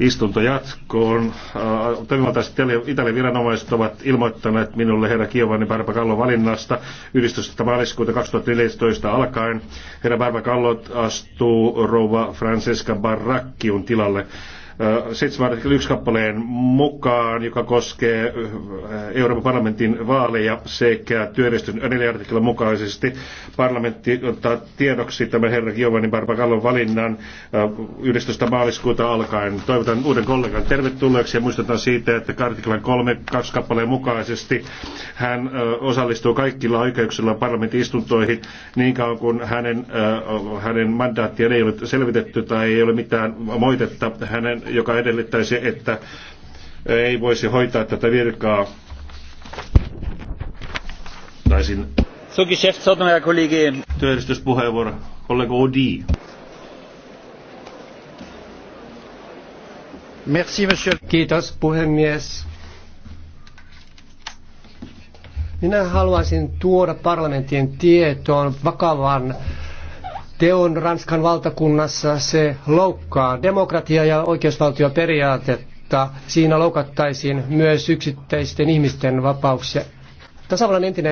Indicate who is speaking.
Speaker 1: Istunto jatkoon. Toimivaltaiset Italian viranomaiset ovat ilmoittaneet minulle herra Kiovanni Barbakallo valinnasta 11. maaliskuuta 2014 alkaen. Herra Barbakallo astuu rouva Francesca Barracchiun tilalle. 7 artiklan 1 kappaleen mukaan, joka koskee eh, Euroopan parlamentin vaaleja sekä työjärjestön 4 artiklan mukaisesti. Parlamentti ottaa tiedoksi tämän herra Giovanni Barbagallon valinnan 11. Eh, maaliskuuta alkaen. Toivotan uuden kollegan tervetulleeksi ja muistutan siitä, että artiklan 3 2 kappaleen mukaisesti hän eh, osallistuu kaikilla oikeuksilla parlamentin istuntoihin niin kauan kuin hänen, hänen mandaattiaan ei ole selvitetty tai ei ole mitään moitetta hänen joka edellyttäisi, että ei voisi hoitaa tätä virkaa. Taisin. Zur Geschäftsordnung, Herr Kollege. Työllistyspuheenvuoro,
Speaker 2: kollega Odi. Merci, monsieur. Kiitos, puhemies. Minä haluaisin tuoda parlamentin tietoon vakavan teon Ranskan valtakunnassa. Se loukkaa demokratiaa ja oikeusvaltioperiaatetta. Siinä loukattaisiin myös yksittäisten ihmisten vapauksia. Tasavallan entinen